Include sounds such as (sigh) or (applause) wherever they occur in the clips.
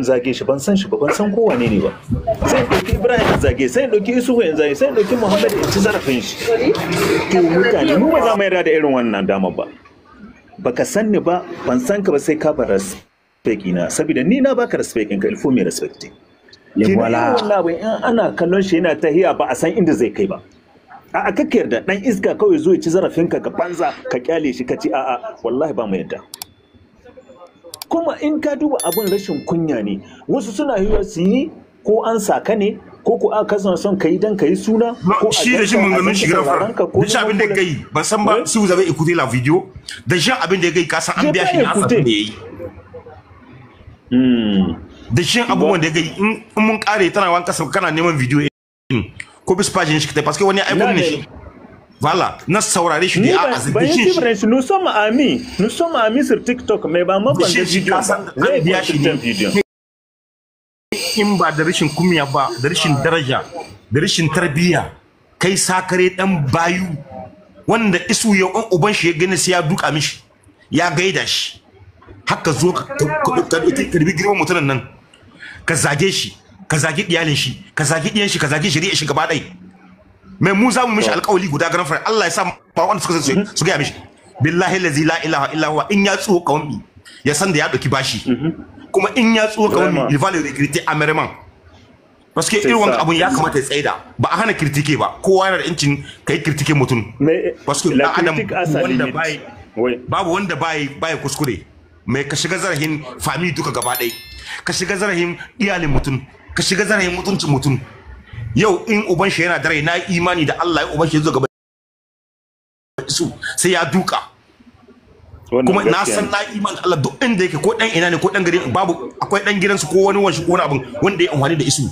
in zage shi ban san shi ba ban san wane ne ba sai ɗauki ibrahim in zage sai ɗauki isuhu in zage sai ɗauki muhammad in ci zarafin shi to mutane mu ba za mu yarda da irin wannan dama ba baka san ni ba ban san ka ba sai ka bar respect na saboda ni na baka respect ka ilfo mai respect ki yi in ana kallon shi yana tahiya ba a san inda zai kai ba a a kakkiyar da dan iska kawai zo ya ci zarafinka ka banza ka kyale shi ka ci a'a wallahi ba mu yadda kuma in ka duba abin rashin kunya ne wasu suna yiwa su yi ko an saka ne ko ko aka kasan son kai dan kai suna ko shi da shi maganganun shi gafara eh? da shi abin da kai ba san ba si vous avez écouté la vidéo da shi abin da kai ka san an biya shi na san da yayi hmm. da shi abubuwan da kai in mun kare tana wanka kana neman video eh, ko bis page shi kai parce que wani iPhone ne shi Voilà, na saurare shi ne a azin. Bayan Tibra shi, nous sommes amis, nous sommes amis sur TikTok, mais ba ma ban da bidiyo ba. Zai biya shi ne. In ba da rashin kumya ba, da rashin daraja, da rashin tarbiyya, kai sakare dan bayu wanda isu ya on uban shi ya gani sai ya duka mishi, ya gaida shi. Haka zo ka karbi nan, ka zage shi, ka zage iyalin shi, ka zage shi, ka zage shari'a shi mais mu za mu mishi oh. alƙawali guda ga fara Allah ya sa ba wanda suka zai su ga mishi billahi lazi la ilaha illa huwa in ya tsuwo kawami ya san da ya ɗauki bashi mhm. kuma in ya tsuwo kawami il va le a amèrement parce que irin wannan abun ya kamata ya tsaida ba a hana kirtike ba kowa yana da incin kai kirtike mutun. parce que dan adam wanda bai babu wanda bai bai kuskure mai ka shiga zarahin fami duka gaba ɗaya ka shiga zarahin iyalin mutum ka shiga zarahin mutuncin mutum yau in uban shi yana da rai na imani da Allah ya uban shi zo gaba su sai ya duka kuma na san na imani da Allah duk inda yake ko dan ina ne ko dan gari babu akwai dan gidansu ko wani wanshi ko wani abin wanda ya amfani da isu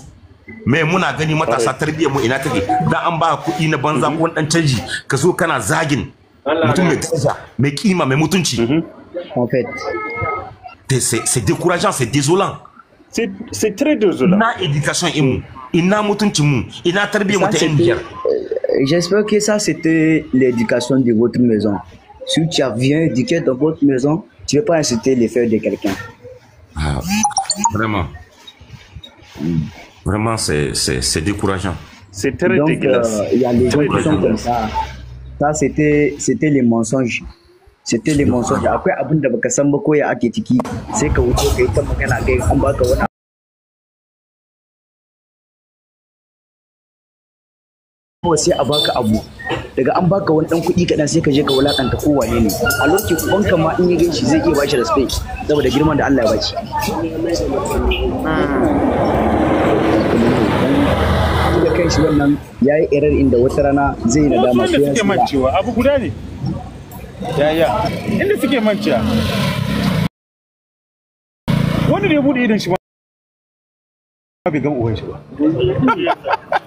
me muna gani matasa tarbiyyar mu ina take dan an ba kuɗi na banza ko dan canji ka zo kana zagin mutum mai daraja mai kima mai mutunci mhm. en fait c'est décourageant c'est désolant c'est très désolant na éducation imu Euh, j'espère que ça c'était l'éducation de votre maison si tu as bien éduqué dans votre maison tu ne pas inciter les de quelqu'un ah, vraiment vraiment c'est décourageant c'est très Donc, euh, il y a des gens comme ça ça c'était c'était les mensonges c'était les mensonges après abou da baka san ba ko ya kawai sai a baka abu daga an baka wani dan kuɗi kaɗan sai ka je ka wulaƙanta ko wane ne a lokacin ubanka ma in ya ganshi zai iya bashi respect saboda girman da Allah ya bashi da kai shi wannan ya yi irar inda wata rana zai yi nadama sai ya mancewa abu guda ne ya ya inda suke mancewa wani ne ya bude idan shi ma bai gama uwan shi ba (laughs)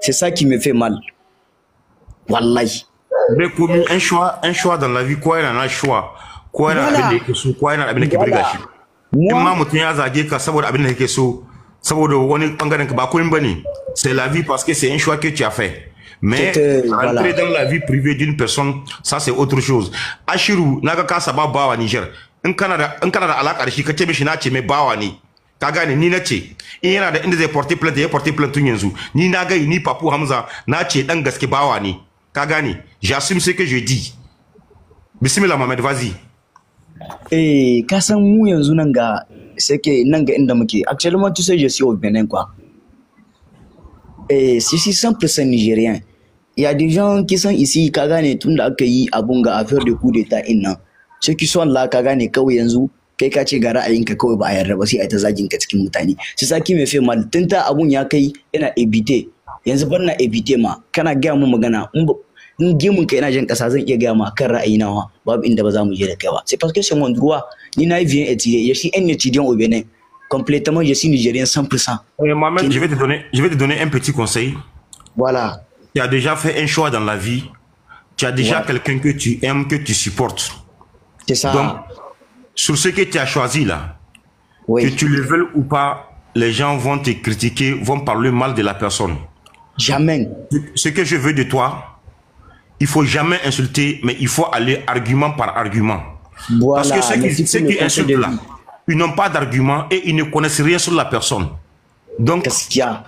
C'est ça qui me fait mal. Wallahi. Mais pour an un choix, un choix dans la vie, quoi, il en a so kowa yana abin quoi, il en a In ma ya zage ka saboda bane c'est la vie parce que c'est un choix que tu as fait. Mais euh, entrer voilà. dans la vie privée d'une personne, ça c'est autre chose. Ashiru, naga ka saba bawa Niger. In kana da in kana da alaka da shi kace mishi na ce mai bawa ne. kaga ni na ce in yana da inda zai porti plainte ya porti plainte tun yanzu ni na gai ni papu hamza na ce dan gaske bawa ne ka gane jasim ce que je dis bismillah mohammed vazi eh ka san mu yanzu nan ga sake nan ga inda muke actually mun tusa je siyo Benin kwa eh si si 100% nigerian il y a des gens qui sont ici ka gane tun da aka yi abun ga affaire de coup d'etat in ce ceux qui sont là ka gane kawai yanzu kai ka ce ga ra'ayinka kawai ba a yarda ba sai a ta zagin ka cikin mutane su saki mai fe mal tun ta abun ya kai yana ebite yanzu bar na ebite ma kana gaya mu magana in in gemun ka yana jan kasa zan iya gaya ma kan ra'ayi nawa babu inda ba za mu je da kai ba c'est parce que c'est mon ni na vient étudier je suis un étudiant au Bénin complètement je suis nigérien 100% eh, Mohamed je vais te donner je vais te donner un petit conseil voilà tu as déjà fait un choix dans la vie tu as déjà ouais. quelqu'un que tu aimes que tu supportes c'est ça Donc, sur ce que tu as choisi là, que tu le veuilles ou pas, les gens vont te critiquer, vont parler mal de la personne. Jamais. Ce que je veux de toi, il faut jamais insulter, mais il faut aller argument par argument. Parce que ceux qui, insultent là, ils n'ont pas d'argument et ils ne connaissent rien sur la personne. Donc, y a?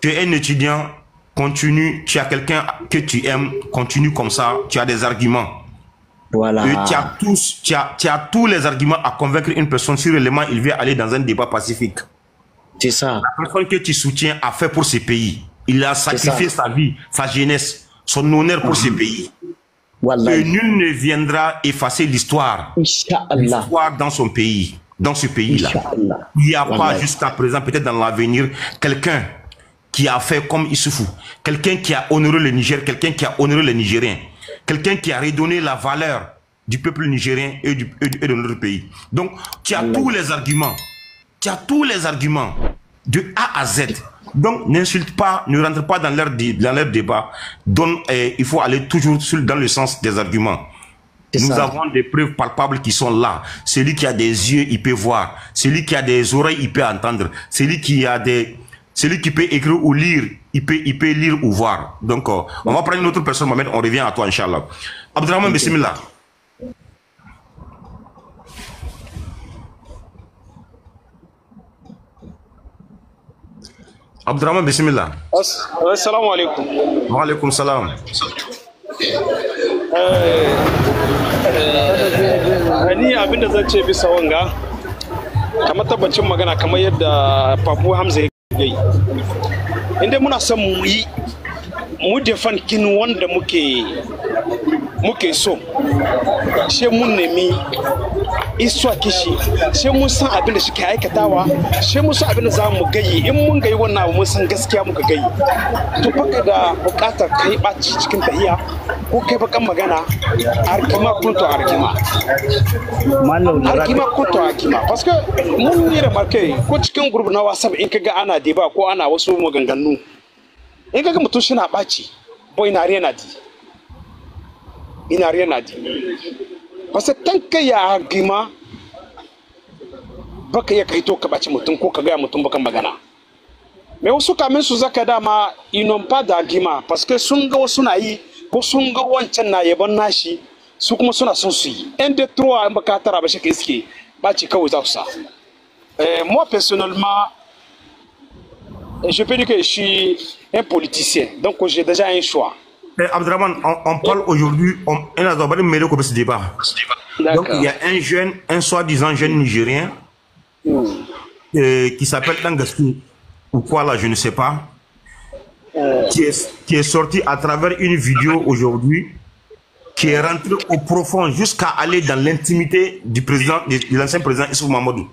tu es un étudiant, continue, tu as quelqu'un que tu aimes, continue comme ça, tu as des arguments tu, as tous, tu, as, tu as tous les arguments à convaincre une personne si réellement il vient aller dans un débat pacifique. C'est ça. La personne que tu soutiens a fait pour ce pays. Il a sacrifié sa vie, sa jeunesse, son honneur pour ce mhm. pays. Voilà. Et nul ne viendra effacer l'histoire. L'histoire dans son pays, dans ce pays-là. Il n'y a pas jusqu'à présent, peut-être dans l'avenir, quelqu'un qui a fait comme Issoufou, quelqu'un qui a honoré le Niger, quelqu'un qui a honoré les Nigériens quelqu'un qui a redonné la valeur du peuple nigérien et, de notre pays. Donc, tu as tous les arguments. Tu as tous les arguments de A à Z. Donc, n'insulte pas, ne rentre pas dans leur, débat. Donc, eh, il faut aller toujours dans le sens des arguments. Nous avons des preuves palpables qui sont là. Celui qui a des yeux, il peut voir. Celui qui a des oreilles, il peut entendre. Celui qui a des, celui qui peut écrire ou lire, il peut, il peut lire ou voir. Donc, euh, on va prendre une autre personne, Mohamed, on revient à toi, Inch'Allah. Abdraman okay. Bismillah. Abdraman Bismillah. Assalamu alaikum. Wa alaikum salam. Eh, eh, ni abinda zan ce bisa wanga, kamar tabbacin magana kamar yadda Papu Hamza ya inda muna son mu yi mu defan kin wanda muke muke so she mun nemi iswa kishi she mun san abin da shi ke aikatawa she mun san abin da za mu gayi in mun gayi wannan abu mun san gaskiya muka gayi to faka da bukatar kai ɓaci cikin tahiya ko kai bakan magana arkima kunto arkima arkima kunto arkima parce que mun yi marke ko cikin group na whatsapp in kaga ana deba ko ana wasu maganganu in kaga mutum shi na ɓaci boy na rena di il n'a rien à dire. Parce que tant qu'il y a argument, baka ya kaito ka baci mutum ko ka gaya mutum baka magana me wasu kamin su zaka dama inon ba da argument parce que sun ga wasu na yi ko sun ga wancan na yaban nashi su kuma suna son su yi en de trois in baka tara ba shi kai suke baci kawai za su sa eh moi personnellement je peux dire que je suis un politicien donc j'ai déjà un choix eh, on, parle aujourd'hui, on, que ce débat. Donc il y a un jeune, un soi-disant jeune Nigérien hmm. euh, qui s'appelle Langasku ou quoi là, je ne sais pas, euh. qui, est, sorti à travers une vidéo aujourd'hui qui est rentré au profond jusqu'à aller dans l'intimité du président, de, l'ancien président Issou Mamadou.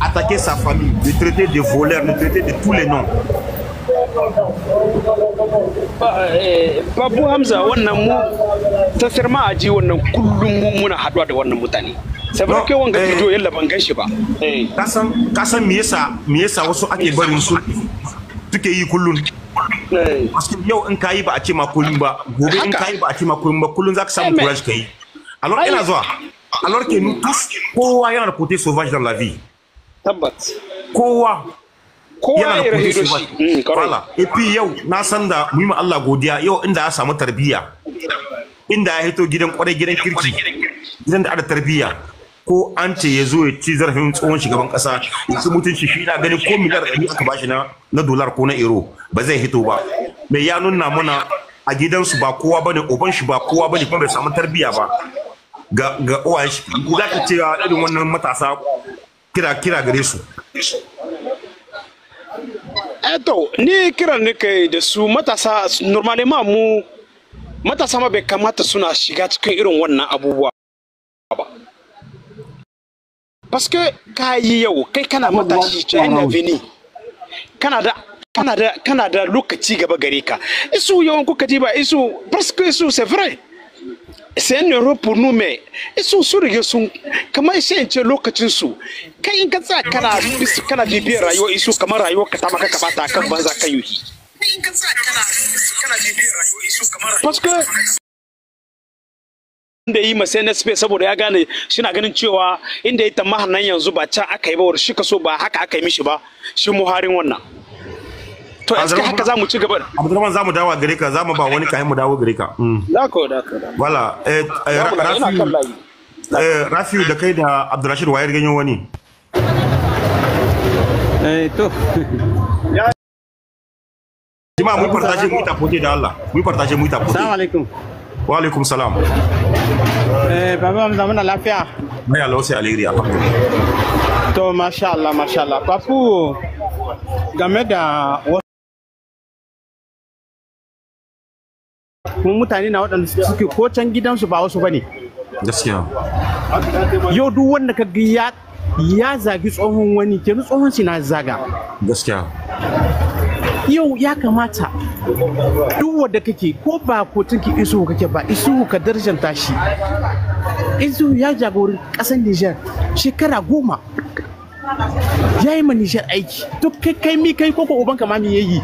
Attaquer sa famille, le traiter de voleur, le traiter de tous les noms. Eh, babu hamza wannan mu tafiyar a ji wannan kullum mu muna haduwa da wannan mutane saboda kai wanga eh. bidiyo yalla ban gan shi ba eh. kasan kasan me yasa me yasa wasu ake barin su suke yi kullum Wasu yau in kayi ba a ce ma kullum ba gobe in kayi ba a ce ma kullum ba kullum zaka samu courage kai alor ina zuwa alors que nous tous kowa yana da côté sauvage dans la vie tabbat kowa kowa ya rahido shi wala mm, fi yau na san da mu Allah godiya yau inda ya samu tarbiyya inda ya hito gidan kwarai gidan kirki gidan da ada tarbiyya ko an ce ya zo ya ci zarafin tsohon shugaban kasa ya ci mutunci shi na gani ko miliyar ɗari aka bashi na dolar ko na euro ba zai hito ba mai ya nuna mana a gidansu ba kowa bane uban shi ba kowa bane kuma bai samu tarbiyya ba ga ga uwayen shi za ka ce irin wannan matasa kira kira gare su Eh, to ni kiran ne kai da su matasa normally ma mu matasa ma bai kamata suna shiga cikin irin wannan abubuwa ba paske ka yi yau kai kana matashi ce na vini kana da kana da kana da lokaci gaba gare ka isu yawan kuka ji ba isu paske isu c'est vrai sai ne rufu nume isu su rige sun kama sai in ce lokacin su kai in ka kana kana kana bibiyar rayuwa isu kamar rayuwa ka ta maka ka bata kan banza kan yuhi parce yi ma na space saboda ya gane shina ganin cewa inda ya tamahar nan yanzu ba can aka yi ba shi ka so ba haka aka yi mishi ba shi muharin wannan to yanzu haka za mu ci gaba Abdurrahman za mu dawo gare ka za mu ba wani kayan mu dawo gare ka mm. dako dako wala eh, eh Rafi eh, da kai da Abdurrashid wayar ganyo wani eh to (laughs) Jima mu partage mu pote da Allah mu partage mu pote. Assalamu alaikum Wa alaikum salam Eh baba mu zamana lafiya Mai Allah sai alheri alhamdulillah To masha Allah masha Allah Papu game da kuma mutane na waɗanda suke ko can gidansu ba wasu bane gaskiya yau duk wanda ka ga ya ya zagi tsohon wani ke tsohon shi na zaga gaskiya yau ya kamata duk wanda kake ko ba ko tunki isu kake ba isu ka darjanta tashi isu ya jagori ƙasar Nijar shekara goma ya yi ma Nijar aiki to kai kai mi kai koko uban ma mi yayi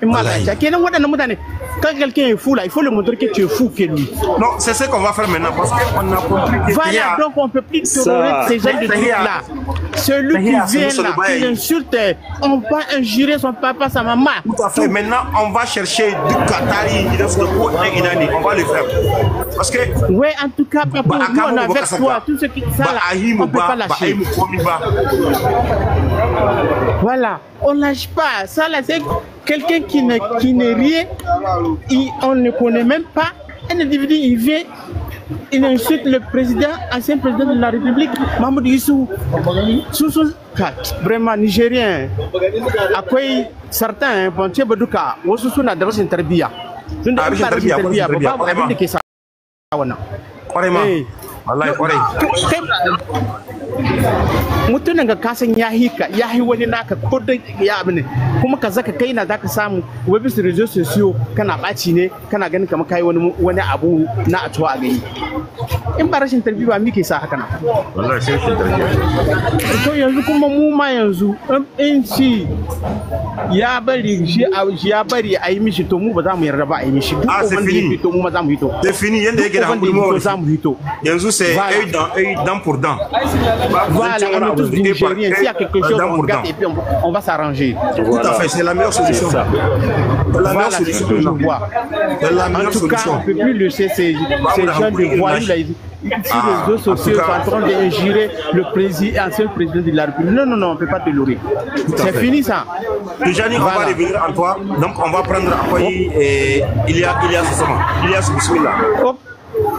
in ma kenan waɗannan mutane Quand quelqu'un est fou, là, il faut lui montrer que tu es fou que lui. Non, c'est ce qu'on va faire maintenant parce qu'on a compris que Voilà, a... donc on ne peut plus tolérer ces gens de là Celui qui vient là, qui insulte, on va injurer son papa, sa maman. Tout à fait. Maintenant, on va chercher du Qatari, on va le faire. Parce que. Oui, en tout cas, papa, nous, on a avec toi. Tout ce qui ça là, on ne peut pas lâcher. Voilà, on ne lâche pas. Ça, là, c'est quelqu'un qui n'est rien. on ne connaît même pas. Un individu, il vient, il insulte le président, ancien président de la République, Mahmoud Issou. Soussou, vraiment nigérien. À quoi certains, Pontier hein, Badouka, ou Soussou n'a d'abord une tarbia. Je ne sais pas si c'est Vraiment. wallahi kwarai mutumin ga kasan ya hika ya hi wani naka ko da ya abu ne kuma ka zaka kai na zaka samu webis bisu siyo kana ɓaci ne kana ganin kamar kai wani wani abu na a tuwa a gani in ba rashin tarbiyya mi ke sa haka na wallahi sai shi tarbiyya to yanzu kuma mu ma yanzu in shi ya bari shi ya bari a yi mishi to mu ba za mu yarda ba a yi mishi duk ah, wanda ya fito mu ma za mu yi to fini yanda yake da hankali mu za mu to yanzu c'est voilà. dans œil, dent pour dent. Voilà, on est tous nigériens. S'il y a quelque chose, on regarde et puis on, on va s'arranger. Voilà. Tout à fait, c'est la meilleure solution. La voilà, meilleure solution que je vois. La meilleure en tout solution. cas, on ne peut plus laisser ces, ces gens de voyous là. Ici, ah, les réseaux sociaux sont en train d'injurer le président, ancien président de la République. Non, non, non, on ne peut pas te louer. C'est fini ça. Déjà, voilà. on va revenir en toi. Donc, on va prendre Akoyi et a ce Soussama. là Soussama.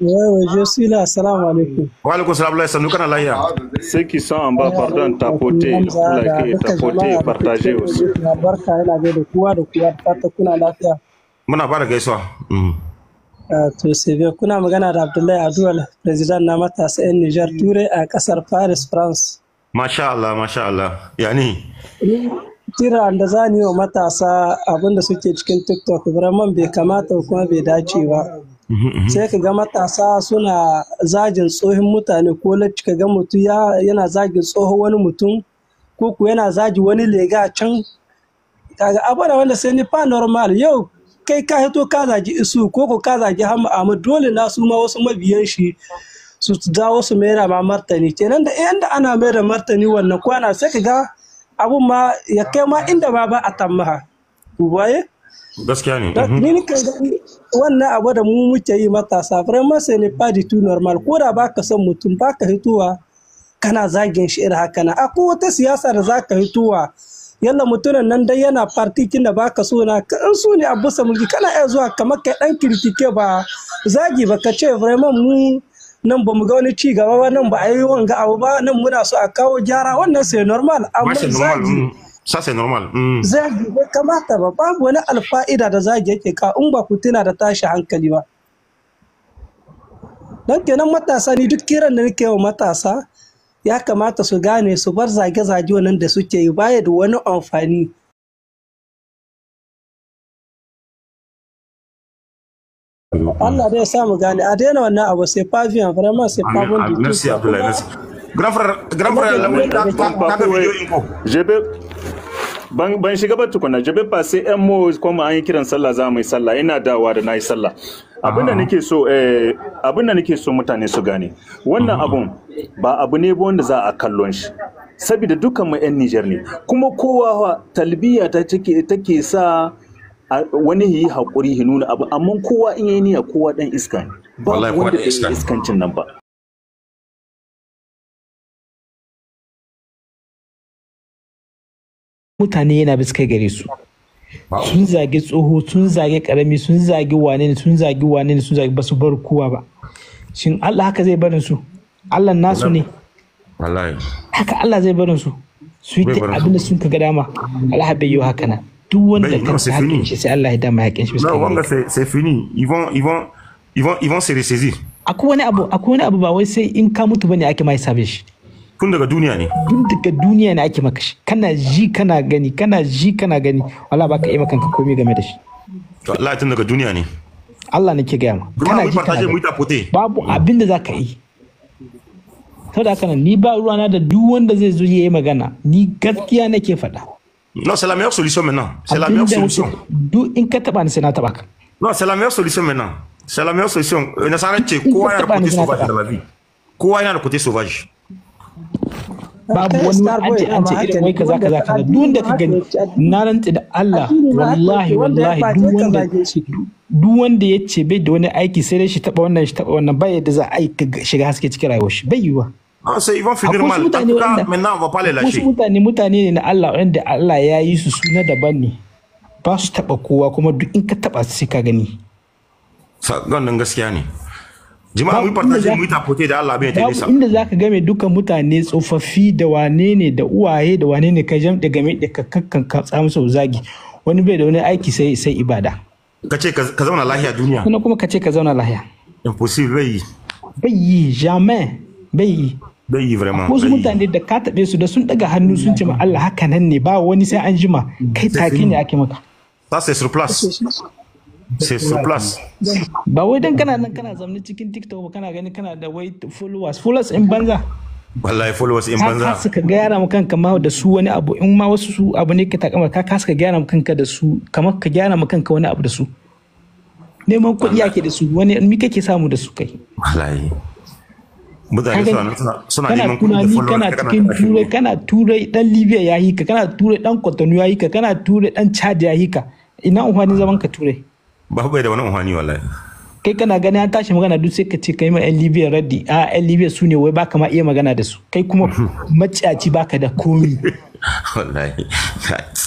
Ouais, je suis là. Salam Ceux qui sont en bas, pardon, tapoter, liker, tapoter, partager aussi. da kowa magana da Abdullahi Aduwal, president na matasa 'yan Nijar Ture a kasar Paris, France. Masha Allah, masha Allah. Yani? da za wa matasa abinda suke cikin TikTok, vraiment bai kamata kuma bai dace ba. Mhm, mhm. sai ka ga matasa suna zagin tsohon mutane ko lacci ka ga mutum yana zagin tsohon wani mutum ko ku yana zagi wani lega can kaga abada wanda sai ni fa normal yau kai ka hito ka zagi isu ko ko ka zagi hamu amma dole na su ma wasu mabiyan shi su dawo su mera ma martani kenan da inda ana mera martani wannan kwana sai ka ga abun ma ya kai ma inda ba ba a tamaha wannan abu da mu muke yi matasa vraiment ce n'est pas du tout normal ko da baka son mutum baka hituwa kana zagin shi irin haka na akwai wata siyasa da zaka hituwa yalla mutumin nan dai yana kin da baka so na kan su ne a bisa mulki kana iya zuwa kamar kai dan kritike ba zagi ba ka ce vraiment mu nan ba mu ga wani ci gaba ba nan ba a wanga abu ba nan muna so a kawo gyara wannan sai normal amma zagi mm. Ça c'est normal. Mm. kamata ba babu wani alfa'ida da zagi yake ka in ba ku da tashi hankali ba. Don kenan matasa ni duk kiran da nake wa matasa ya kamata su gane su bar zage-zage wannan da suke yi baya da wani amfani. Allah dai ya mu gane a daina wannan abu sai vraiment sai merci Abdoulaye grand frère grand frère la ban shiga ba tukuna jabe ba sai yan mo kuma an yi kiran sallah za mu yi sallah ina dawa da nayi sallah ah. eh, abin da nake so mutane su gane wannan mm-hmm. abun ba abu ne ba wanda za a kallon shi saboda dukkan mu yan nijar ne kuma kowa talbiya ta take take sa wani yi hakuri ya abu amma kowa in yi niyya kowa dan iska ne ba wanda iskancin nan ba mutane yana kai gare su sun zage tsoho sun zage karami sun zage wane ne sun zage wane ne sun zage ba bar kowa ba shin Allah haka zai barin su Allah nasu ne haka Allah zai barin su su yi abin da sun ka gada ma Allah bai yi haka nan duk wanda ka haƙin shi sai Allah ya dama haƙin shi bisa wanda sai fini ivan ivan ivan ivan akwai wani abu akwai wani abu ba wai sai in ka mutu bane ake mai sabe shi tun daga duniya ne tun daga duniya ne ake maka shi kana ji kana gani kana ji kana gani wala baka iya makanka komai game da shi to Allah tun daga duniya ne Allah nake gaya ma kana ji kana gani babu abin da zaka yi saboda kana ni ba ruwana da duk wanda zai zo yayi magana ni gaskiya nake faɗa non c'est la meilleure solution maintenant c'est la meilleure solution duk in ka taba ni sai na taba ka non c'est la meilleure solution maintenant c'est la meilleure solution euh, ne s'arrête quoi yana da côté sauvage da la vie quoi yana da côté sauvage babu wani an ce an ce irin wai kaza kaza kaza duk wanda ka gani na rantsi da Allah wallahi wallahi duk wanda duk wanda ya ce bai da wani aiki sai dai shi taba wannan shi taba wannan bai yadda za a yi shiga haske cikin rayuwar shi bai yiwa ah, sai Ivan mutane mutane mutane ne na Allah wanda Allah ya yi su suna daban ne ba su taba kowa kuma duk in ka taba su sai ka gani wannan gaskiya ne jima'a mun partnership mu ta kote da Allah bai ta nisa inda zaka game duka mutane tsofaffi da wane ne da uwaye da wane ne ka jam da game da kakkan ka sau zagi wani bai da wani aiki sai sai ibada ka ce ka zauna lahiya duniya kuma kuma ka ce ka zauna lahiya impossible bai yi bai yi jamais bai yi bai yi vraiment wasu mutane da ka taɓe su da sun daga hannu sun ce ma Allah haka nan ne ba wani sai an jima kai take ne ake maka ça c'est sur place sai surplus ba wai dan kana nan kana zamni cikin tiktok ba kana gani kana da wai followers followers in banza wallahi followers in banza ka kasa ka gyara ma kanka ma da su wani abu in ma wasu su abu ne ka takama ka kasa ka gyara ma kanka da su kamar ka gyara ma kanka wani abu da su neman kuɗi ake da su wani mi kake samu da su kai wallahi mutane suna neman kuɗi da followers kana cikin turai kana turai dan libya ya ka kana turai dan kwatano ya ka kana turai dan chad ya ka ina umarni zaman ka turai ba bai da wani umarni wallahi kai kana gani an tashi magana duk sai ka ce kai ma yan libya raddi a yan libya su ne wai baka ma iya magana da su kai kuma (laughs) maciyaci baka da komi (laughs) wallahi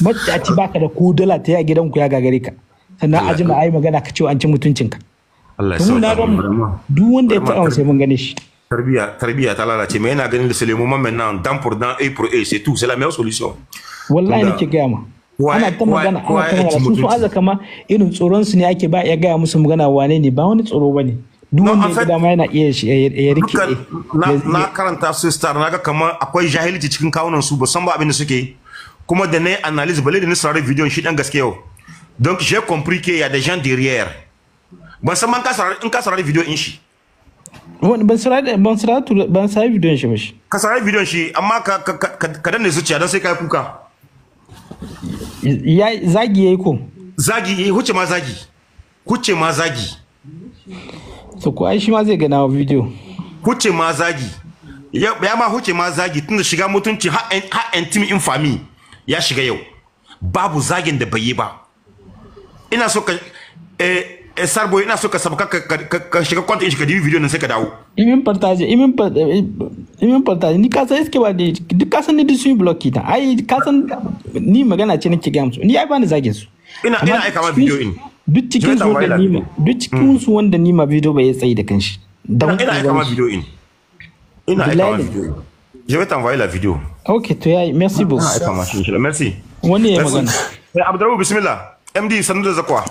maciyaci baka da ko dala ta ya ku ya gagare ka sannan a ji ma ai magana ka ce an ci mutuncinka Allah ya sauka duk wanda ya taɓa sai mun gane shi tarbiya tarbiya ta lalace mai yana ganin da Suleiman Mamman nan dan pour dan a pour a c'est tout c'est la meilleure solution wallahi nake gaya ma ana ta magana ana ta magana sun so azaka ma irin tsoron su ne ake ba ya gaya musu magana wane ne ba wani tsoro bane duk wanda ya dama yana iya shi ya rike na karanta su star naga kamar akwai jahilci cikin kawunan su ba san ba abin da suke yi kuma da nayi analyze bale da ni sarari bidiyon shi dan gaske yau donc j'ai compris qu'il y a des gens derrière ban san man ka sarari in ka saurari video in shi ban sarari ban saurari ban saurari video shi ba shi ka saurari video shi amma ka ka ka danne zuciya dan sai ka yi kuka zagi ya yi ko zagi ya eh, yi huce ma zagi huce ma zagi so ko ai shi ma zai gana video huce ma zagi ya ma huce ma zagi tun da shiga mutunci har intimi infami ya shiga yau babu zagin da bai yi ba ina so ka eh Eh, sarbo ina so ka sabka ka shiga kwanta shi ka dibi bidiyon nan sai ka dawo imin partage imin eh, eh, imin partage ni ka san iske ba di duk ka san ni duk sun block ta ai ka san ni magana ce nake gamsu ni ai ba ni zagin su ina ina aika ma video in duk cikin su wanda ni duk cikin hmm. su wanda ni ma video bai tsayi da kanshi da ina aika ma video in ina aika ma video je vais t'envoyer la vidéo ok to yayi merci beaucoup merci wani ya magana Abdurrahman bismillah MD sanar da zakwa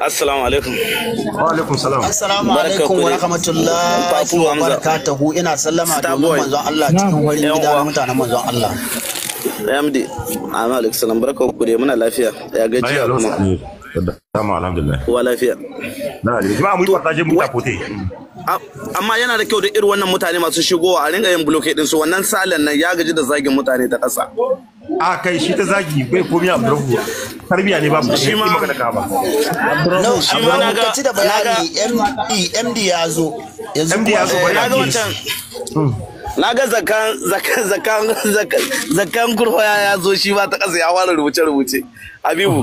Assalamu alaikum. Wa alaikum salam. Assalamu alaikum wa rahmatullahi wa barakatuhu. Ina sallama da manzon Allah cikin wurin gidan mutanen manzon Allah. Yamdi, amma alaikum salam barka ku dai muna lafiya. Ya ya kuma. Dama alhamdulillah. Wa lafiya. Na ji jama'a mu yi wata je mu tafote. Amma yana da kyau da irin wannan mutane masu shigowa a ringa yin blockade din su wannan salan nan ya gaji da zagin mutane ta ƙasa. a kai shi ta zagi bai komi a burgu tarbiya ne ba mu shi ma magana ka ba no shi ma na ga da bayani md md ya zo yanzu md ya zo ba ya a na ga zakan zakan zakan zakan kurfa ya zo shi ba ta kasa ya fara rubuce rubuce Habibu.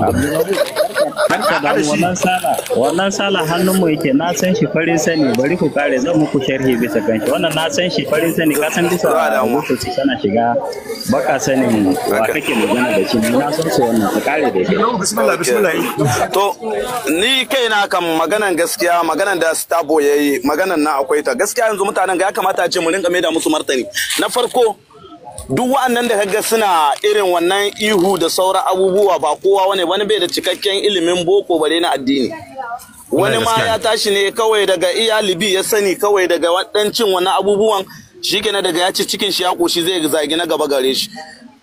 wannan sala, wannan sala mu yake na san shi farin sani bari ku kare zan muku sharhi bisa kan shi. Wannan na san shi farin sani ka san bisa shi kana shiga baka sanin wa kake magana da shi na san su wannan ka kare da shi. Bismillah bismillah. To ni kaina kan maganan gaskiya maganan da Stabo yayi maganan na akwai ta gaskiya yanzu mutanen ga ya kamata a ce mu rinka da musu martani. Na farko duk wa'annan da kaga suna irin wannan ihu da sauran abubuwa ba kowa wani wani bai da cikakken ilimin boko bare na addini wani ma ya tashi ne kawai daga iyalibi ya sani kawai daga wadancin wani abubuwan shi kenan daga ya ci cikin shi ya koshi zai zagi na gaba gare shi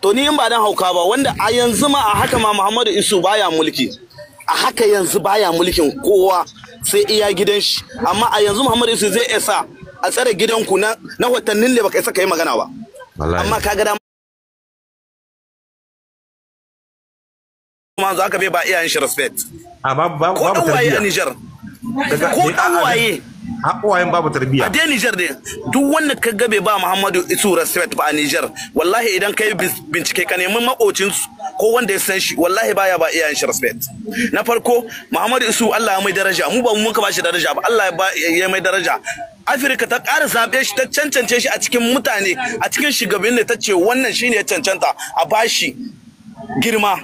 to ni in ba dan hauka ba wanda a yanzu ma a haka ma Muhammadu Isu baya mulki a haka yanzu baya mulkin kowa sai iya gidan shi amma a yanzu Muhammadu Isu zai isa a tsare gidanku na na watannin da baka isa yi magana ba amma kaga ma manzo aka bai ba iyayen shi respect a babu babu ko tarbiya. waye a Niger ko dan waye a uwayen babu tarbiya a dai Niger dai duk wanda ka ga bai ba Muhammadu Isu respect ba a Niger wallahi idan kai bincike ka nemi makocin su ko wanda ya san shi wallahi baya ba iyayen shi respect na farko Muhammadu Isu Allah ya mai daraja mu ba mu muka ba shi daraja ba Allah ya mai daraja Afirka ta ƙara zaɓe shi ta cancance shi a cikin mutane a cikin shugabanni ta ce wannan shine ya cancanta a bashi girma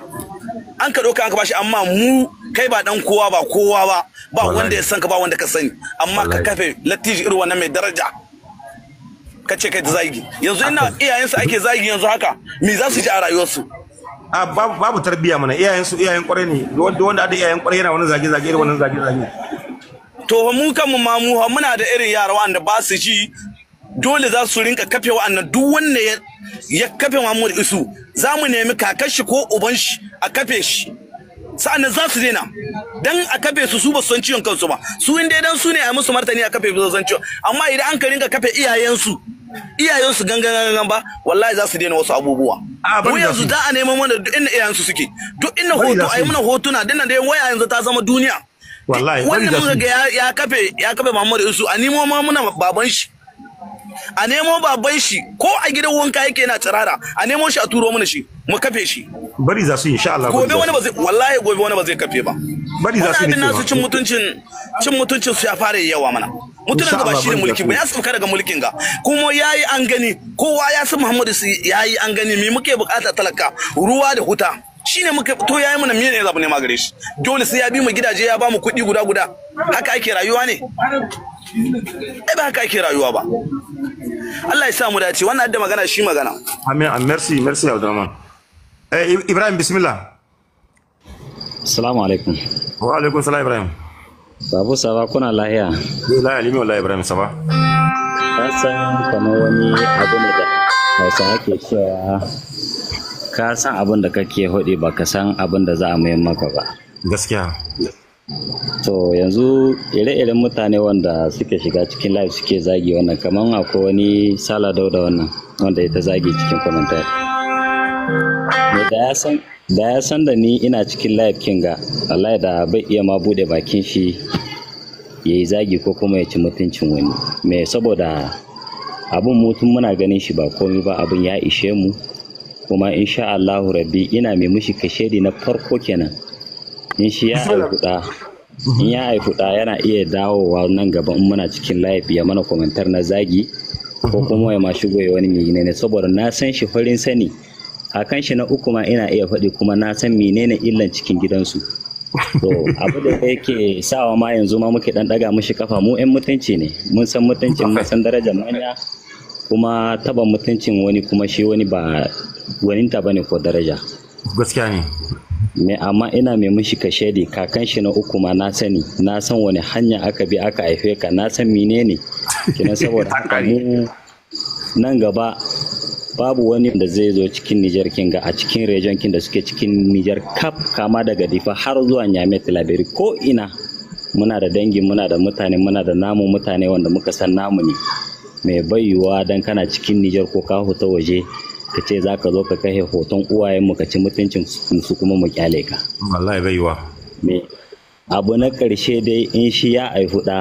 an ka ɗauka an ka bashi amma mu kai ba dan kowa ba kowa ba ba wanda ya san ka ba wanda ka sani amma ka kafe latiji irin wannan mai daraja ka ce kai zagi yanzu ina su ake zagi yanzu haka me za su ji a rayuwarsu babu tarbiya mana iyayen su iyayen kwarai ne wanda wanda da iyayen kwarai yana wani zage zage da wani zage zage to mu kan ma mu muna da irin yara wanda ba su ji dole za su rinka kafe wa'annan duk wanda ya kafe Muhammad Isu za mu nemi kakashi ko uban shi a kafe shi sa'an za su daina dan a kafe su su ba san ciwon kansu ba su inda dan su ne a musu martani a kafe su san ciwon amma idan an ka rinka kafe iyayen su iyayen su gangan gangan ba wallahi za su daina wasu abubuwa mu yanzu za a neman mana duk inda iyayen su suke duk inda hoto ai muna hotuna dinnan dai waya yanzu ta zama duniya wallahi wannan muka ga ya kafe ya kafe Muhammadu Isu a nemo ma muna baban shi a nemo baban shi ko a gidan wanka yake yana tsirara a nemo shi a turo mana shi mu kafe shi bari za su insha Allah gobe wani ba zai wallahi gobe wani ba zai kafe ba bari za su ne nasu cin mutuncin cin mutuncin su ya fara yawa mana mutunan gaba shi ne mulki ba ya sauka daga mulkin ga kuma yayi an gani kowa ya san Muhammadu yayi an gani me muke bukata talaka ruwa da huta shi ne muka to yayi mana mene ne zabu ne gare shi dole sai ya bi mu gidaje ya ba mu kuɗi guda guda haka ake rayuwa ne ai ba haka ake rayuwa ba Allah ya sa mu dace wannan adda magana shi magana amin merci merci Abdurrahman eh Ibrahim bismillah assalamu alaikum wa alaikum salam Ibrahim Babu Saba kuna lahiya? Eh, lahiya Alimi Lahiya Ibrahim Saba. Ka san kamar wani abu ne da Hausa ke cewa ka san abin da kake hudi ba ka san abin da za a mai maka ba. Gaskiya. To yanzu ire-iren mutane wanda suke shiga cikin live suke zagi wannan kamar akwai wani sala dauda wannan wanda ya ta zagi cikin commentary. Me da ya san da ya san da ni ina cikin layar kinga, ga wallahi da bai iya ma bude bakin shi ya yi zagi ko kuma ya ci mutuncin wani me saboda abin mutum muna ganin shi ba komi ba abin ya ishe mu kuma insha Allah rabbi ina mai mushi kashedi na farko kenan in shi ya haifi in ya yana iya dawowa nan gaba in muna cikin layar ya mana komentar na zagi ko kuma ya ma shigo wani mai ne saboda na san shi farin sani kakan shi na uku ma ina iya faɗi kuma na san menene illan cikin gidansu to (laughs) abu da yake sawa ma yanzu ma muke dan daga mushi kafa mu yan mutunci ne mun san mutuncin mun san darajar manya kuma taba mutuncin wani kuma shi wani ba waninta bane ko daraja gaskiya ne me amma ina mai mushi kashedi kakan shi na uku ma na sani na san wani hanya aka bi aka haife ka na san menene kina saboda (laughs) haka mu nan gaba babu wani da zai zo cikin Nijar kinga a cikin region kin da suke cikin Nijar kap kama daga Difa har zuwa Nyame Tilaberi ko ina muna da dangi muna da mutane muna da namu mutane wanda muka san namu ne mai bayuwa dan kana cikin Nijar ko ka huta waje ka ce za ka zo ka kahe hoton uwayen mu ka ci mutuncin su kuma mu kyale ka abu na karshe dai in shi ya aifuɗa da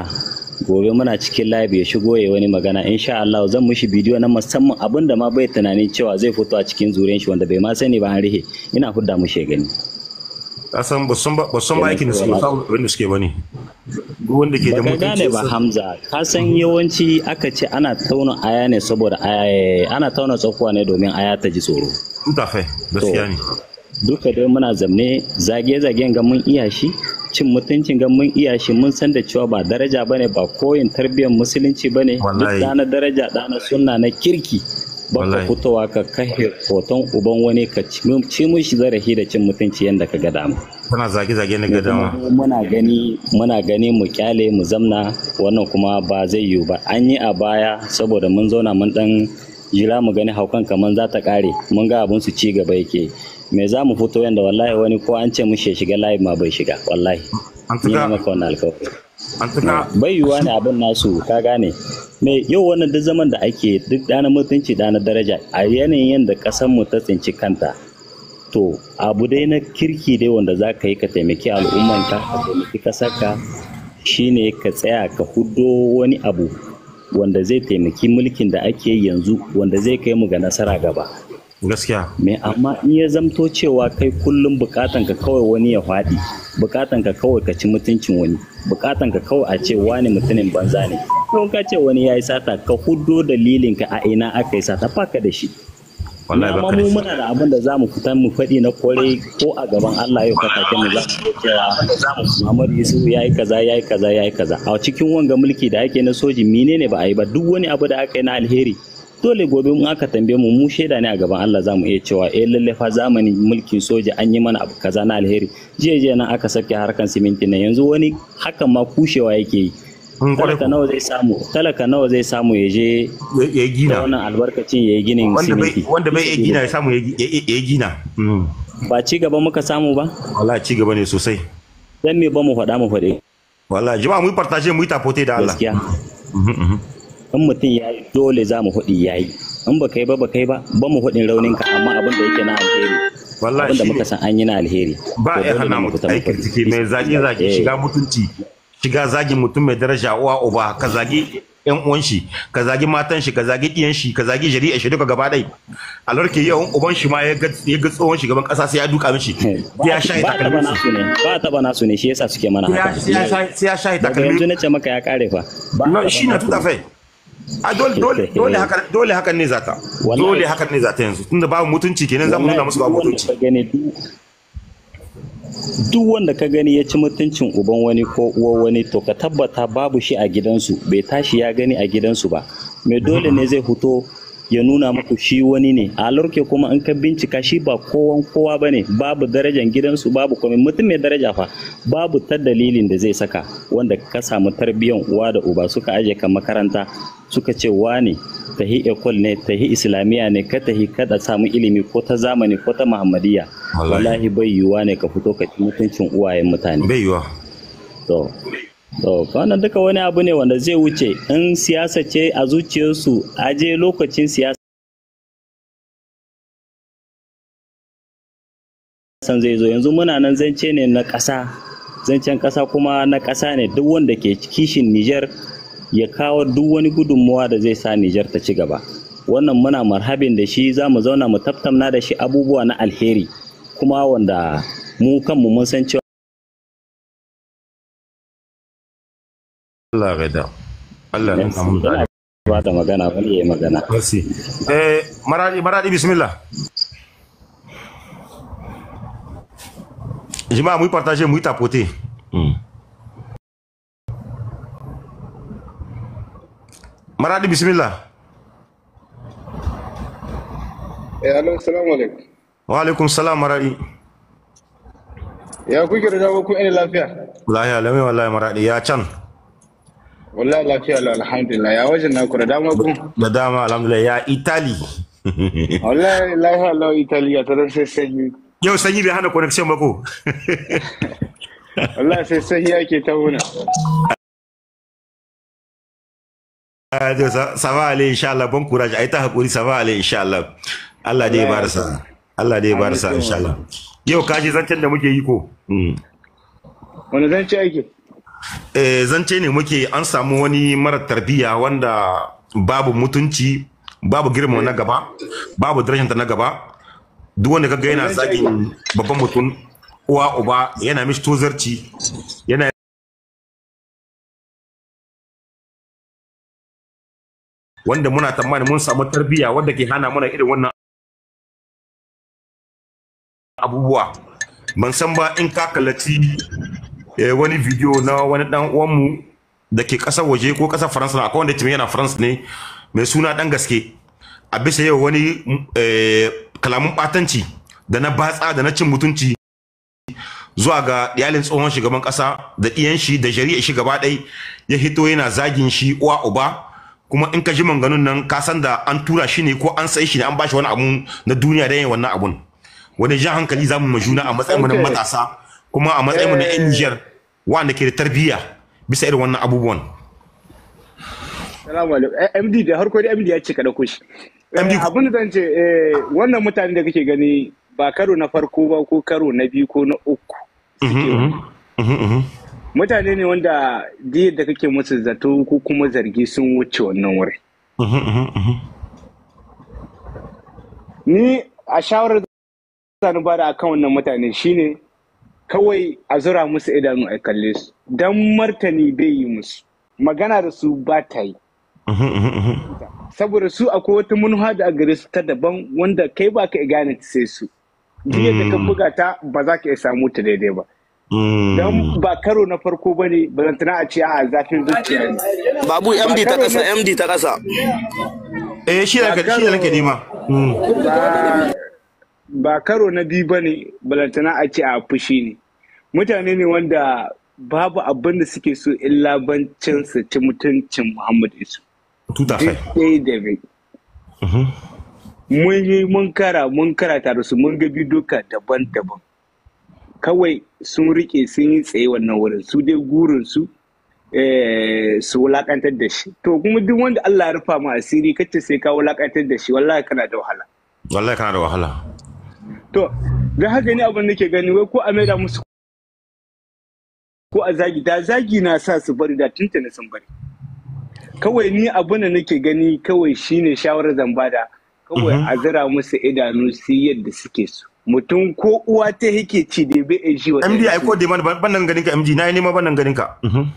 gobe muna cikin live ya shigo ya wani magana insha Allah zan mushi bidiyo na musamman abin da ma bai tunanin cewa zai fito a cikin zuriyar shi wanda bai ma sani ba an rihe ina hudda mu shi gani kasan ba san ba san aikin da suke abin da suke bane wanda ke da mutunci ba Hamza ka san yawanci aka ce ana tauna aya ne saboda ana tauna tsakuwa ne domin aya ta ji tsoro mutafe gaskiya ne duka dai muna zamne zage-zagen ga mun iya shi cin mutuncin ga mun iya shi mun san da cewa ba daraja bane ba koyin tarbiyyar musulunci bane duk dana daraja dana sunna na kirki ka fitowa ka kashe hoton uban wani ka ci mushi zarafi da cin mutunci yadda ka ga dama Kana zage-zage na ga dama muna gani muna gani mu kyale mu zamna wannan kuma ba zai yiwu ba an yi a baya saboda mun zauna mun dan jira mu gani haukan kaman za ta kare mun ga abun su ci gaba yake me za mu fito yadda wallahi wani ko an ce mushe ya shiga layi ma bai shiga wallahi ni na maka wani alkawari bai yiwuwa ne abin nasu ka gane me yau wannan duk zaman da ake duk dana mutunci dana daraja a yanayin yadda ƙasar mu ta tsinci kanta to abu dai na kirki dai wanda za ka yi ka taimaki al'ummanka ka taimaki shi shine ka tsaya ka hudo wani abu wanda zai taimaki mulkin da ake yanzu wanda zai kai mu ga nasara gaba gaskiya me amma in ya zamto cewa kai kullum bukatan ka kawai wani ya faɗi bukatan ka kawai ka ci mutuncin wani bukatan ka kawai a ce wani mutumin banza ne don ka ce wani ya yi sata ka hudo dalilin ka a ina aka yi sata baka da shi wallahi ba mu muna da abin da za mu fitan mu faɗi na kore ko a gaban Allah yau kaka mu za mu cewa Muhammad Yusuf ya yi kaza ya yi kaza ya yi kaza a cikin wanga mulki da ake na soji menene ba a yi ba duk wani abu da aka yi na alheri dole gobe mun aka tambaye mu mu shaida ne a gaban Allah zamu iya cewa eh lalle fa zamanin mulkin soja an yi mana abu kaza na alheri jiya jiya nan aka sake harkan siminti na yanzu wani hakan ma kushewa yake yi hmm, talaka nawa zai samu talaka nawa zai samu ya je ya gina wannan albarkacin ya ginin siminti wanda bai ya gina ya samu ya gina hmm. ba ci gaba muka samu ba wallahi ci gaba ne sosai dan me ba mu faɗa mu faɗe wallahi jama'a mu yi partage mu yi tapote da Allah gaskiya mhm, mhm. in mutum ya yi dole za mu hudi ya yi in ba kai ba ba kai ba ba mu hudin raunin ka amma abin da yake na alheri wallahi da muka san an yi na alheri ba ya hana mu aikin ciki mai zagi zagi eh. shiga mutunci shiga zagin mutum mai daraja uwa uba ka zagi yan uwan shi ka zagi matan shi ka zagi diyan shi ka zagi jari'a shi duka gaba dai a yau uban shi ma ya ga tsohon shugaban kasa sai ya duka mishi eh. ya shahi ita kalmi su ne ba taba nasu ne shi yasa suke mana haka sai ya sha ita kalmi yanzu ce maka ya kare fa shi na tuta fai a dole hakan ne zata dole hakan ne zata yanzu tunda babu mutunci kenan zamu nuna musu babu mutunci duk wanda ka gani ya ci mutuncin uban wani ko uwar wani to ka tabbata babu shi a gidansu bai tashi ya gani a gidansu ba mai dole ne zai fito ya nuna muku shi wani ne a lorke kuma in ka bincika shi ba kowan kowa ba ne babu darajan gidansu babu komai mutum mai daraja fa babu ta dalilin da zai saka wanda ka samu tarbiyyan uwa da uba suka aje ka makaranta suka ce wane tahi ekol ne tahi islamiyya ne ka tahi kada samu ilimi ko ta zamani ko ta muhammadiyya wallahi bai yiwa ne ka fito ka mutuncin uwayen mutane bai yiwa to To, wannan duka wani abu ne wanda zai wuce in siyasa ce a zuciyarsu aje lokacin siyasa. san zai zo yanzu muna nan zance ne na ƙasa zancen ƙasa kuma na ƙasa ne duk wanda ke kishin Nijar ya kawo duk wani gudunmuwa da zai sa Nijar ta ci gaba wannan muna marhabin da shi za mu zauna mu tattauna da shi abubuwa na alheri kuma wanda mu kanmu mun san cewa Allah gada ya Allah ya eh maradi maradi bismillah jama'a mu partager hmm. maradi bismillah eh alaikum salamu wa maradi ya kuke da ku ina lafiya wallahi alamai wallahi maradi ya can wallahi lafiya la alhamdulillah ya wajen na kura dama kun da dama alhamdulillah ya itali (laughs) wallahi lafiya la ya ta sai sanyi yau sanyi bai hana connection ba ko (laughs) wallahi sai sanyi yake ta wuna ah, Sava Ali insha Allah bon courage ai ta hakuri Sava Ali insha Allah Allah dai bar sa Allah dai bar sa insha Allah yau kaji zancen da muke yi ko wani zance ake E zance ne muke an samu wani mara tarbiyya wanda babu mutunci babu girma na gaba babu darajanta na gaba duk wanda kaga yana zagin babban mutum uwa uba yana mishi tozarci yana wanda muna tamani mun samu tarbiyya wanda ke hana mana irin wannan abubuwa ban san ba in ka kalaci Eh, wani video na wani dan uwanmu da ke kasar waje ko kasar faransa na akwai wanda timi yana faransa ne mai suna dan gaske a bisa yau wani eh, kalamun batanci da na batsa da na cin mutunci zuwa ga iyalin tsohon shugaban kasa da ɗiyan shi da jari'a shi gaba ɗai ya hito yana zagin shi uwa uba kuma in ka ji manganun nan ka san da an tura shi ne ko an sai shi ne an bashi wani abu na duniya da yin wannan abun wani jan hankali zamu mu juna a matsayin mu na matasa kuma a matsayin mu na eh. yan Niger wanda ke da tarbiyya bisa irin wannan abubuwan salamu alaikum eh, md da harko da md ya ce ka dauko shi eh, abin da zan ce eh, wannan mutane da kake gani ba karo na farko ba ko karo na biyu ko na uku mhm, mhm. Mhm, mutane ne wanda diyar da kake musu zato ko kuma zargi sun wuce wannan wurin ni a shawarar da zanu bada akan wannan mutane shine kawai a zura musu idanu a kalle su don martani bai yi musu magana da su ba ta yi saboda su akwai wata manuha da a gare su ta daban wanda kai ba ka gane ta sai su jiya da ka mm. buga ta ba za ka iya samu ta daidai ba mm. don ba karo na farko ba ne ba zan tana a ce a zafin zuciya ne babu md ta kasa md ta kasa eh shi da nake nema mm. ba karo na biyu ba ne balantana a ce a fushi ne mutane ne wanda babu abin da suke so illa bancin su ci mutuncin muhammad isu mhm. mun yi mun kara mun karata da su mun ga doka daban-daban kawai sun rike sun yi tsaye wannan wurin su dai gurin eh, su su wulakantar da shi to kuma duk wanda Allah ya rufa mu asiri kace sai ka wulakantar da shi wallahi kana da wahala wallahi kana da wahala to ga haka ni abin nake gani wai ko a maida musu ko a zagi da zagi na sa su bari da tunta na sun bari kawai ni abin da nake gani kawai shine shawarar zan bada kawai mhm. a zira musu idanu su yadda suke so mutum ko uwa ta yake ci da bai ji wa MD ai ko da ban nan ganin ka MD na yi nema ban nan ganin ka mhm.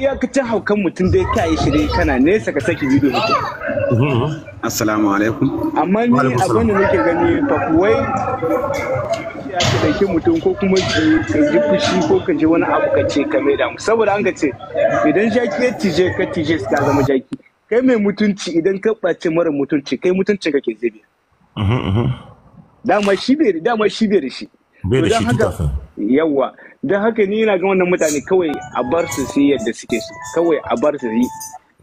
iyakacin haukan mutum dai ka yi shirye kana nesa ka saki bidiyo mutum. Assalamu alaikum. Amma ni abin da nake gani fa kuwai ya ka ɗauki mutum ko kuma ka ji fushi ko ka ji wani abu ka ce ka mai damu saboda an ka ce idan jaki ya tije ka tije ka zama jaki kai mai mutunci idan ka ɓace mara mutunci kai mutuncin ka ke zai biya. Dama shi bai da shi. bai da shi kafin yawa don haka ni yana ga wannan mutane kawai a bar su su yadda suke so kawai a bar su yi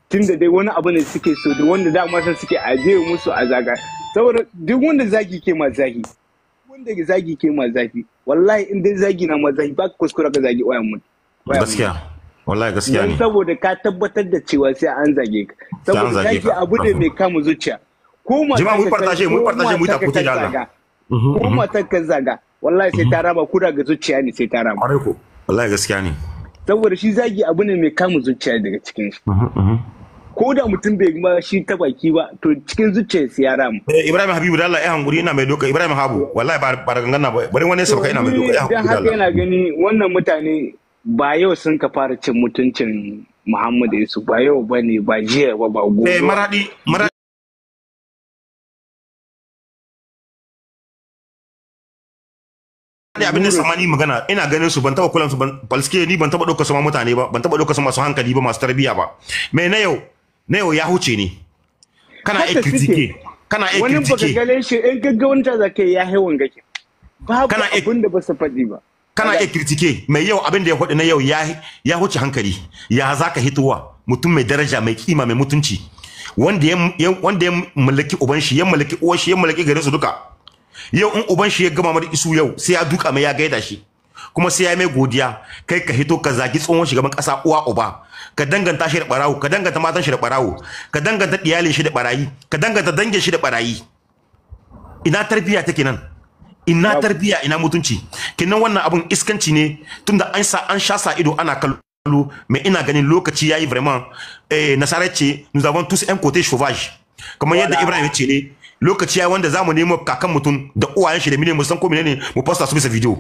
tun da dai wani abu ne suke so da wanda da san suke a je musu a zaga saboda duk wanda zagi ke ma zagi wanda zagi ke ma zagi wallahi in dai zagi na ma zagi, ba ka kuskura ka zagi wayan mun gaskiya wallahi gaskiya ne saboda ka tabbatar da cewa sai an zage ka saboda zagi abu ne mai kama zuciya ko ma ta ka zaga mhm, ko mhm. ma ta ka zaga wallahi sai ta mhm. raba ko daga zuciya ne sai ta raba kwarai ko wallahi gaskiya ne saboda shi zagi abu ne mai kama zuciya daga cikin shi mhm, mhm. ko da mutum bai ma shi ta baki ba to cikin zuciya sai ya rama eh, Ibrahim Habibu dalla ya hankuri ina mai doka Ibrahim Habu wallahi ba ba ganga na bari wani sabaka ina mai doka ya hankuri dalla yana gani wannan mutane ba yau sun ka fara cin mutuncin Muhammadu Yusuf ba yau bane ba jiya ba ba gobe eh maradi maradi abin da sama ni magana ina ganin su ban taba kulan su ban ni ban taba ɗauka sama mutane ba ban taba dauka sama masu hankali ba masu tarbiyya ba me na yau na yau ya huce ni kana a kritike kana a kritike wani baka gane shi in gaggawan ta zaka ya hewan gake babu abin da ba su faɗi ba kana a kritike mai yau abin da ya faɗi na yau ya huce hankali ya zaka hituwa mutum mai daraja mai kima mai mutunci wanda ya mallaki uban shi ya mallaki uwar shi ya mallaki garin su duka yau in uban shi ya gama mar isu yau sai ya duka mai ya gaida shi kuma sai ya mai godiya kai ka hito ka zagi tsohon shugaban kasa uwa uba ka danganta shi da barawo ka danganta matan shi da barawo ka danganta iyalin shi da barayi ka danganta dangin shi da barayi ina tarbiya take nan ina tarbiya ina mutunci kinan wannan abun iskanci ne tunda an sa an sha sa ido ana kallo mais ina ganin lokaci yayi vraiment eh nasara ce nous avons tous un côté sauvage kamar yadda Ibrahim ya ce ne lokaci ya wanda zamu nemo kakan mutum da uwayen shi da mine mu san ko menene mu posta su bisa video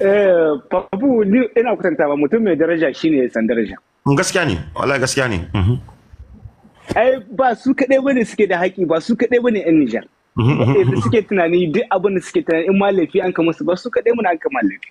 eh babu ni ina ba, mutum mai daraja shine san daraja mm, gaskiya ne wallahi gaskiya ne mm-hmm. ai ba su kadai bane suke da haƙi ba su kadai bane yan Nijar mm-hmm, mm-hmm, da suke tunani duk abin da suke tunani in ma laifi an kama su ba su kadai muna an kama mallafi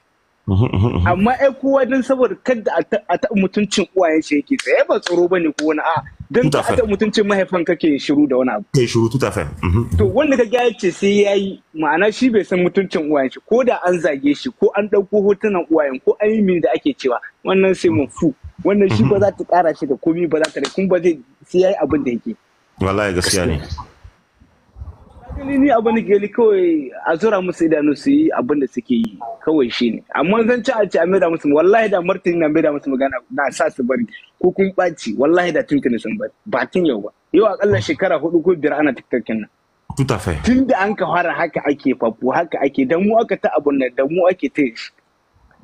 amma ai kowa dan saboda kada a taɓa mutuncin uwayen shi yake sai ba tsoro bane ko wani a don ta ata mutuncin mahaifan kake shiru da wani abu. Kai eh, shiru tuta fa. Mhm. To wanda ka gaya ce sai ya yi ma'ana shi bai san mutuncin uwayen shi ko da an zage shi ko an ɗauko hotunan uwayen ko an yi mini da ake cewa wannan sai mun fu wannan shi mhm. ba za ta ƙara shi da komi ba za ta kuma ba zai sai ya yi abin da yake. Wallahi gaskiya ne. ni abu ne ke kawai a zura musu idanu su yi abin da suke yi kawai shi ne amma zan ci a ci a maida musu wallahi da martini na maida musu magana na sa su bari ko kun ɓaci wallahi da tuntuni sun bari ba tun yau ba yau akalla shekara hudu ko biyar ana tiktokin nan Tun da an ka fara haka ake fafu haka ake da mu aka ta abun nan da mu ake ta shi.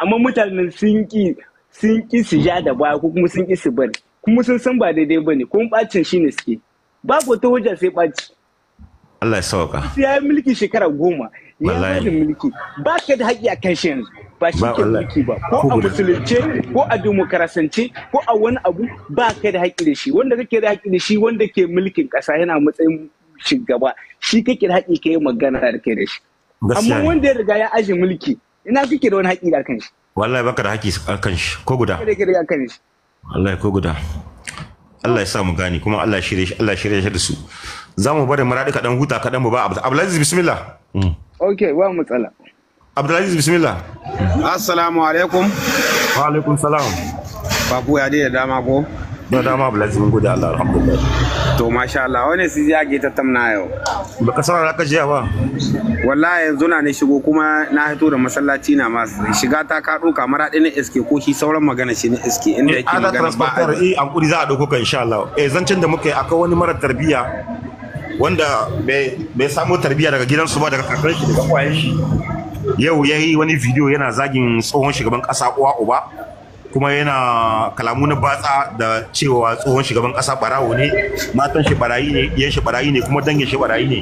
Amma mutanen sun ki sun ki su ja da baya ko kuma sun ki su bari kuma sun san ba daidai ba bane kuma bacin shine suke. Babu ta hujja sai baci. Allah ya sauka. Ya yi mulki shekara goma. Ya yi mulki. Ba ka da haƙƙi a kan shi yanzu. Ba shi ke mulki ba. Ko a musulunce, ko a demokarasance, ko a wani abu ba ka da haƙƙi da shi. Wanda kake da haƙƙi da shi wanda ke mulkin ƙasa yana matsayin shugaba. Shi kake da haƙƙi ka yi magana da kai da shi. Amma wanda ya riga ya aje mulki, ina kake da wani haƙƙi da kan shi. Wallahi baka da haƙƙi a kan shi ko guda. Kake da kan shi. Wallahi ko guda. Allah ya sa mu gani kuma Allah ya shirye shi da su. za mu bari muradi kaɗan huta kaɗan mu ba abdulaziz bismillah mm. ok wa matsala abdulaziz bismillah assalamu alaikum wa alaikum salam ba ku ya da dama ko da dama abdulaziz mun gode Allah alhamdulillah to masha Allah wani su ya ke tattamna yau ba ka sanar ka jiya ba wallahi yanzu na ne shigo kuma na hito da masallaci na ma. shiga ta ka ɗauka maraɗi na iske ko shi sauran magana shi na iske inda eh, yake magana ba a yi eh, an kuri za a ɗauko ka insha Allah eh zancen da muke akwai wani mara tarbiyya wanda bai samo tarbiyya daga gidansu ba daga kakar shi daga kwayan shi yau ya yi wani video yana zagin tsohon shugaban kasa uwa uba kuma yana kalamu na batsa da cewa tsohon shugaban kasa barawo ne matan shi barayi ne yan shi barayi ne kuma dangin shi barayi ne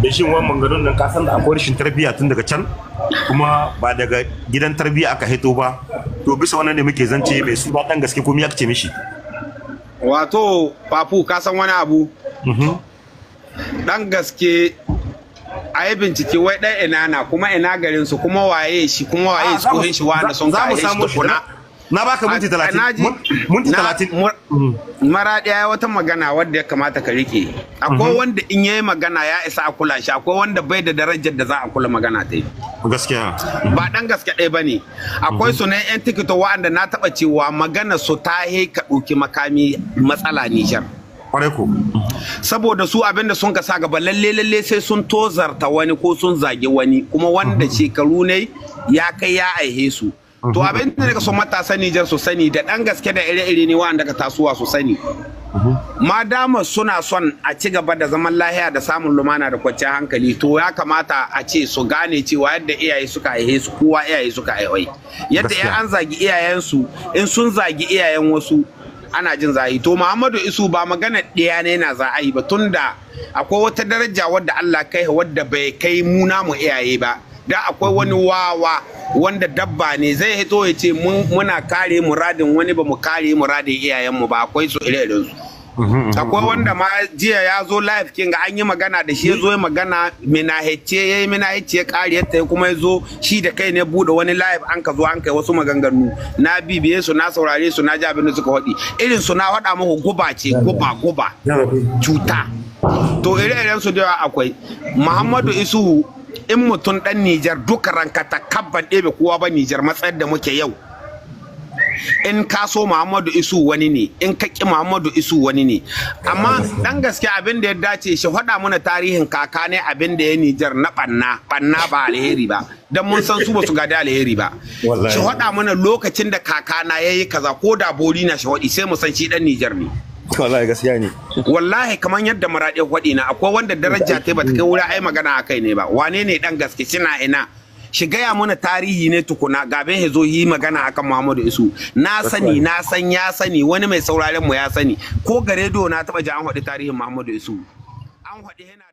da shi wani manganun nan kasan da akwai rashin tarbiyya tun daga can kuma ba daga gidan tarbiyya aka hito ba to bisa wannan ne muke zance mai su ba dan gaske ko ya kace mishi wato papu kasan wani abu mhm. dan gaske a yi bincike wai dan ina na kuma ina garin su kuma waye shi kuma waye ah, su kuhin shi wanda sun ka shi tukuna na baka minti 30 minti 30 mara ɗaya wata magana wadda ya kamata ka rike akwai mhm. wanda in yayi magana ya isa a kula shi akwai wanda bai da darajar da za a kula magana ta yi gaskiya ba dan gaske ɗaya bane akwai mhm. su ne yan tikito wa'anda na taba cewa magana su ta ka ɗauki makami matsala Nijar. kware ko saboda su abinda sun ka sa gaba lalle lalle sai sun tozarta wani ko sun zage wani kuma wanda mhm. shekaru ne ya kai ya aihe su to mhm. abin da daga so matasa Nijar su sani da dan gaske da ire-ire ne wanda ka tasuwa su sani mhm. madama suna son a ci gaba da zaman lahiya da samun lumana da kwanciyar hankali to ya kamata a ce su gane cewa yadda iyaye suka aihe su kowa iyaye suka haihai yadda an zagi iyayensu in sun zagi iyayen wasu ana jin zayi to muhammadu isu ba magana ɗaya ne yana yi ba tunda akwai wata daraja wadda allah kai wadda bai kai mu namu iyaye ba da akwai wani wawa wanda dabba ne zai hito ya ce muna kare muradin wani ba mu kare muradin mu ba akwai su ire-irensu akwai mm-hmm. wanda ma jiya ya zo live kin ga an yi magana da shi ya zo magana minahece ya yi minahece ya kare ta kuma ya zo shi da kai ne bude wani live an ka zo an kai wasu maganganu na bibiye su na saurare su na ji abin suka faɗi irin su na faɗa muku guba ce guba guba cuta to ire-iren su da akwai muhammadu isuhu in mutum dan nijar duka ranka kabban ɗebe kowa ba nijar matsayar da muke yau in ka so Muhammadu Isu wani ne in ka ki Muhammadu Isu wani ne amma dan gaske abin da ya dace shi faɗa mana tarihin kaka ne abin da ya Nijar na banna banna ba alheri ba dan mun san su ba su da alheri ba shi faɗa mana lokacin da kaka na yayi kaza ko da bori na shi faɗi sai mu san shi dan Nijar ne wallahi gaskiya ne wallahi kamar yadda maraɗe faɗi na akwai wanda daraja ta bata kai wuri ai magana akai ne ba wane ne dan gaske sina ina shi gaya mana tarihi ne tukuna ga ben zo yi magana akan Muhammadu Isu na sani na san ya sani wani mai sauraren mu ya sani ko gare rediyo na taba ji an tarihin Muhammadu Isu an